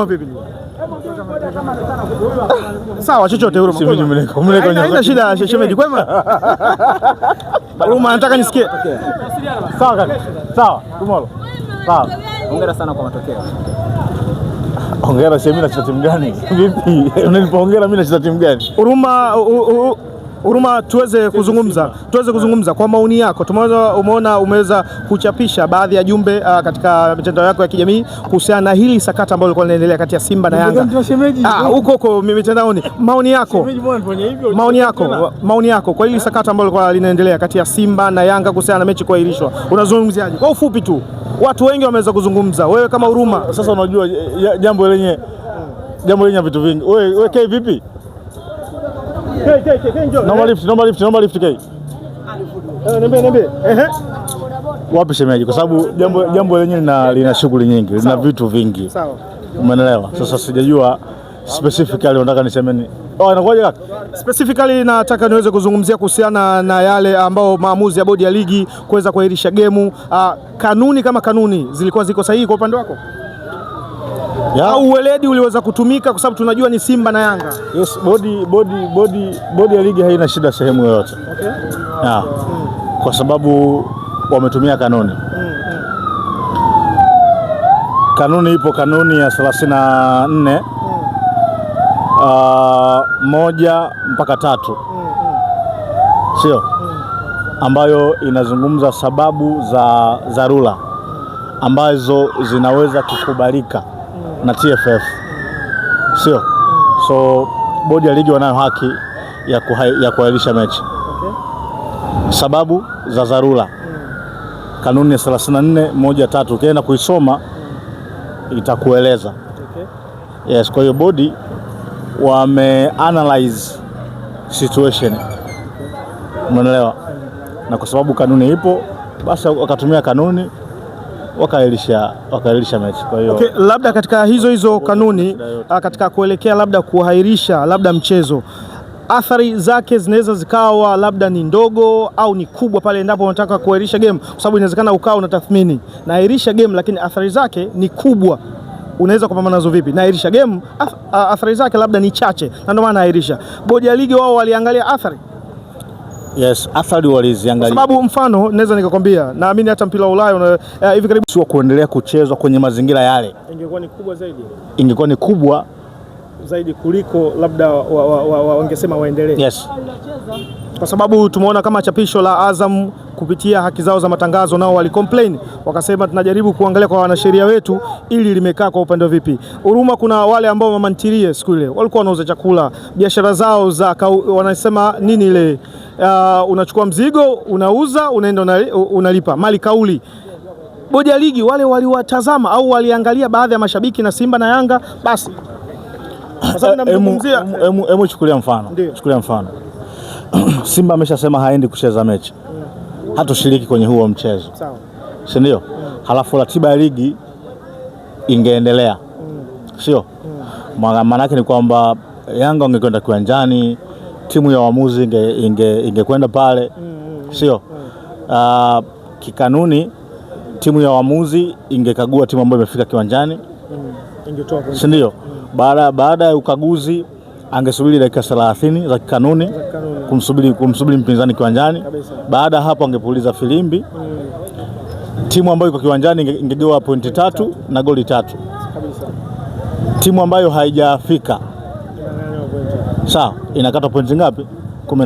Ah, sawa, chochote haina shida. Shemeji kwema, Huruma, nataka nisikie. Sawa kaka, sawa Dumolo, sawa. Hongera sana kwa matokeo. Hongera. Shemi, nacheza timu gani? Vipi, unanipongeza mimi nacheza timu gani? Huruma Huruma, tuweze kuzungumza, tuweze kuzungumza kwa maoni yako. Tumeweza, umeona umeweza kuchapisha baadhi ya jumbe uh, katika mitandao yako ya kijamii kuhusiana na hili sakata ambalo lilikuwa linaendelea kati ya Simba na Yanga ah, huko huko mitandaoni. Maoni yako, maoni yako, maoni yako kwa hili sakata ambalo lilikuwa linaendelea kati ya Simba na Yanga kuhusiana na mechi kuahirishwa, unazungumziaje? Kwa ufupi tu, watu wengi wameweza kuzungumza, wewe kama Huruma. Sasa unajua jambo lenye jambo lenye vitu vingi. Wewe wewe vipi? Naomba lift, naomba lift, naomba lift K. Eh, niambie, niambie. Ehe. Wapi shemeji, kwa sababu jambo jambo lenyewe lina lina shughuli nyingi, lina vitu vingi. Sawa. Umeelewa? Sasa sijajua specifically unataka niseme Oh, inakuwaje kaka? Specifically nataka niweze kuzungumzia kuhusiana na yale ambao maamuzi ya bodi ya ligi kuweza kuahirisha gemu. Uh, kanuni kama kanuni zilikuwa ziko sahihi kwa upande wako? yeah. au uweledi uliweza kutumika kwa sababu tunajua ni Simba na Yanga? Yes, bodi, bodi, bodi, bodi ya ligi haina shida sehemu yoyote okay. yeah. mm. kwa sababu wametumia kanuni mm. mm. kanuni ipo, kanuni ya 34 Uh, mm. ah, moja mpaka tatu mm, mm. sio mm. ambayo inazungumza sababu za dharura mm. ambazo zinaweza kukubalika na TFF, sio? So bodi ya ligi wanayo haki ya, ya kuahirisha mechi okay. Sababu za dharura kanuni ya 34 moja tatu ukienda kuisoma itakueleza okay. Yes, kwa hiyo bodi wame analyze situation umeelewa, na kwa sababu kanuni ipo basi wakatumia kanuni wakaahirisha wakaahirisha mechi. Kwa hiyo okay, labda katika hizo hizo kanuni ah, katika kuelekea labda kuahirisha labda mchezo athari zake zinaweza zikawa labda ni ndogo au ni kubwa pale endapo unataka kuahirisha game, kwa sababu inawezekana ukawa unatathmini naahirisha game, lakini athari zake ni kubwa. Unaweza kupambana nazo vipi? Naahirisha game, ah, athari zake labda ni chache, na ndio maana naahirisha. Bodi ya ligi wao waliangalia athari Yes, athari waliziangalia. sababu mfano naweza nikakwambia, naamini hata mpira wa Ulaya eh, hivi karibu sio kuendelea kuchezwa kwenye mazingira yale, ingekuwa ni kubwa zaidi, ingekuwa ni kubwa zaidi kuliko labda wangesema wa, wa, wa, waendelee. Yes, kwa sababu tumeona kama chapisho la Azam kupitia haki zao za matangazo, nao walicomplain wakasema, tunajaribu kuangalia kwa wanasheria wetu ili limekaa kwa upande vipi. Huruma, kuna wale ambao mamantirie siku ile walikuwa wanauza chakula, biashara zao za wanasema nini ile uh, unachukua mzigo unauza, unaenda unalipa mali kauli. Bodi ya ligi wale waliwatazama au waliangalia baadhi ya mashabiki na Simba na Yanga, basi hemu eh, eh, chukulia mfano, chukulia mfano Simba ameshasema haendi kucheza mechi, hatushiriki kwenye huo mchezo, si ndio? Halafu ratiba ya ligi ingeendelea, mm. sio? Mm. Maana ni kwamba Yanga wangekwenda kiwanjani timu ya waamuzi ingekwenda inge, inge pale mm, mm, mm, sio? Uh, kikanuni timu ya waamuzi ingekagua timu ambayo imefika kiwanjani si ndio? Baada baada ya ukaguzi angesubiri dakika 30 za kikanuni kumsubiri, kumsubiri mpinzani kiwanjani. Baada ya hapo angepuliza filimbi mm. Timu ambayo iko kiwanjani ingegewa pointi tatu na goli tatu. Kabisa. Timu ambayo haijafika sawa, inakata pointi ngapi? kumi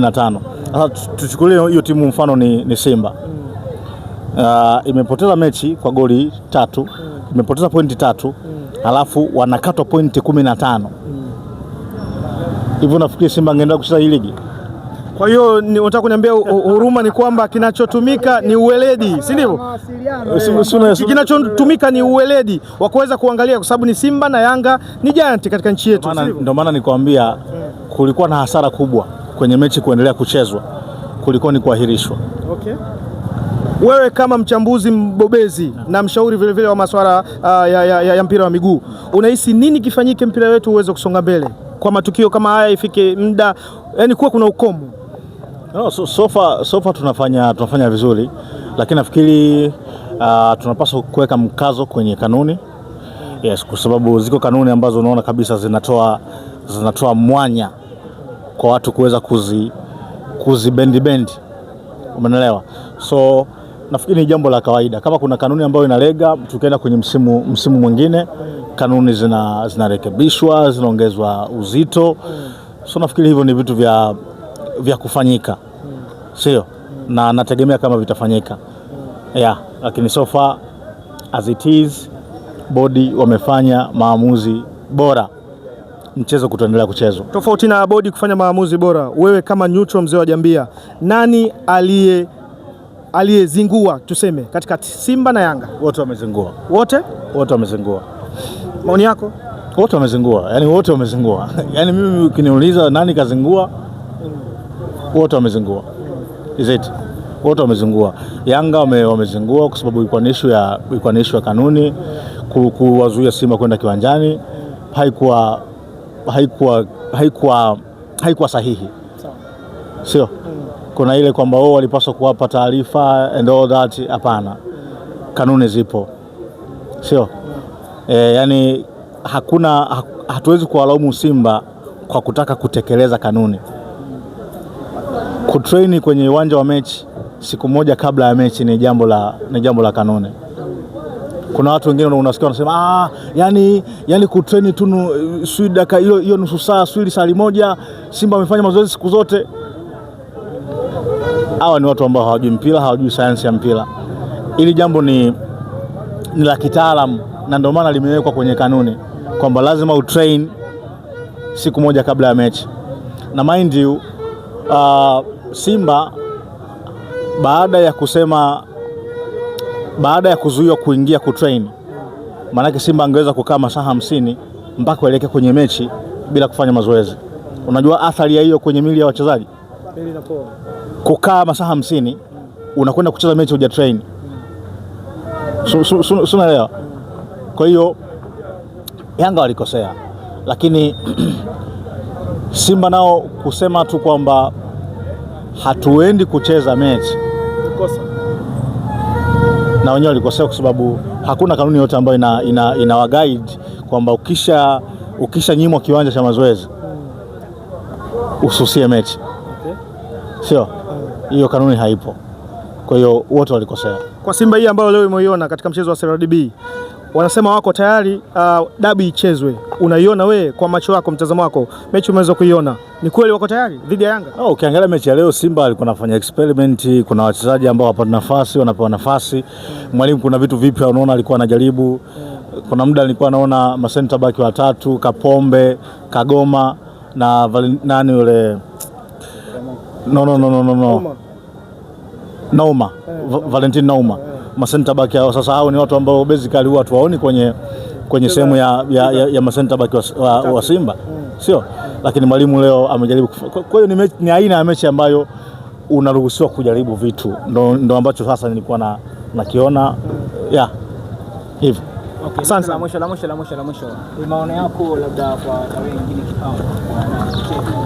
na tano. Sasa tuchukulie hiyo timu mfano ni, ni Simba uh, imepoteza mechi kwa goli tatu, mm. imepoteza pointi tatu, mm. alafu wanakatwa pointi kumi na tano hivyo, nafikiri Simba angeenda kucheza hii ligi kwa hiyo unataka kuniambia huruma ni kwamba kinachotumika ni uweledi, si ndivyo? Kinachotumika ni uweledi wa kuweza kuangalia, kwa sababu ni Simba na Yanga ni giant katika nchi yetu. Ndio maana nikwambia kulikuwa na hasara kubwa kwenye mechi kuendelea kuchezwa, kulikuwa ni kuahirishwa. Okay. Wewe kama mchambuzi mbobezi na mshauri vilevile vile wa masuala uh, ah, ya, ya, ya mpira wa miguu unahisi nini kifanyike mpira wetu uweze kusonga mbele kwa matukio kama haya, ifike muda yani kuwa kuna ukomo No, so, so far, so far tunafanya, tunafanya vizuri lakini nafikiri uh, tunapaswa kuweka mkazo kwenye kanuni yes, kwa sababu ziko kanuni ambazo unaona kabisa zinatoa, zinatoa mwanya kwa watu kuweza kuzi, kuzi bendi bendi, Umenelewa? So nafikiri ni jambo la kawaida, kama kuna kanuni ambayo inalega, tukienda kwenye msimu, msimu mwingine kanuni zinarekebishwa, zina zinaongezwa uzito. So nafikiri hivyo ni vitu vya vya kufanyika mm. Sio mm. na nategemea kama vitafanyika ya yeah, lakini so far as it is bodi wamefanya maamuzi bora mchezo kutoendelea kuchezwa. Tofauti na bodi kufanya maamuzi bora, wewe kama neutral, mzee wa Jambia, nani aliye aliyezingua tuseme, katika Simba na Yanga? Wote wamezingua, wote wote wamezingua. Maoni yako? Wote wamezingua, yani wote wamezingua. Yani mimi ukiniuliza nani kazingua wote wamezingua, is it wote wamezingua. Yanga wamezingua kwa sababu ilikuwa ni issue ya ilikuwa ni issue ya kanuni kuwazuia Simba kwenda kiwanjani, haikuwa haikuwa haikuwa haikuwa sahihi, sio kuna ile kwamba wao oh, walipaswa kuwapa taarifa and all that. Hapana, kanuni zipo, sio e, yani hakuna hatuwezi kuwalaumu Simba kwa kutaka kutekeleza kanuni kutrain kwenye uwanja wa mechi siku moja kabla ya mechi ni jambo la, ni jambo la kanuni. Kuna watu wengine unasikia wanasema ah, yani, yani kutrain tu swi dakika hiyo hiyo nusu saa swi saa moja, Simba wamefanya mazoezi siku zote. Hawa ni watu ambao hawajui mpira, hawajui sayansi ya mpira. Ili jambo ni, ni la kitaalamu na ndio maana limewekwa kwenye kanuni kwamba lazima utrain siku moja kabla ya mechi na mind you uh, Simba baada ya kusema baada ya kuzuiwa kuingia kutrain, maanake Simba angeweza kukaa masaa hamsini mpaka waelekea kwenye mechi bila kufanya mazoezi. Unajua athari ya hiyo kwenye mili ya wachezaji, kukaa masaa hamsini unakwenda kucheza mechi huja train, sunaelewa? Kwa hiyo Yanga walikosea, lakini Simba nao kusema tu kwamba hatuendi kucheza mechi Na wenyewe walikosea kwa sababu hakuna kanuni yote ambayo ina, ina, ina waguide kwamba ukisha ukisha nyimwa kiwanja cha mazoezi ususie mechi okay. Sio mm. hiyo kanuni haipo, kwa hiyo wote walikosea. Kwa Simba hii ambayo leo imeiona katika mchezo wa CRDB wanasema wako tayari uh, dabi ichezwe. Unaiona wewe kwa macho yako, mtazamo wako, mechi umeweza kuiona, ni kweli wako tayari dhidi ya Yanga? Oh, ukiangalia mechi ya leo Simba alikuwa anafanya experiment, kuna wachezaji ambao hawapata nafasi, wanapewa nafasi mm. Mwalimu kuna vitu vipya, unaona alikuwa anajaribu mm. Kuna muda nilikuwa naona masenta baki watatu Kapombe, Kagoma na nani yule no, no, no, no, no. Nauma, Nauma. Eh, Valentin Nauma yeah masenta baki hao. Sasa hao ni watu ambao basically huwa tuwaoni kwenye, kwenye sehemu ya, ya, ya, ya masenta baki wa, wa, wa Simba sio, lakini mwalimu leo amejaribu. Kwa hiyo ni, ni aina ya mechi ambayo unaruhusiwa kujaribu vitu, ndo, ndo ambacho sasa nilikuwa na nakiona ya hivyo. Asante. La mwisho la mwisho la mwisho la mwisho, maoni yako labda kwa wengine kipao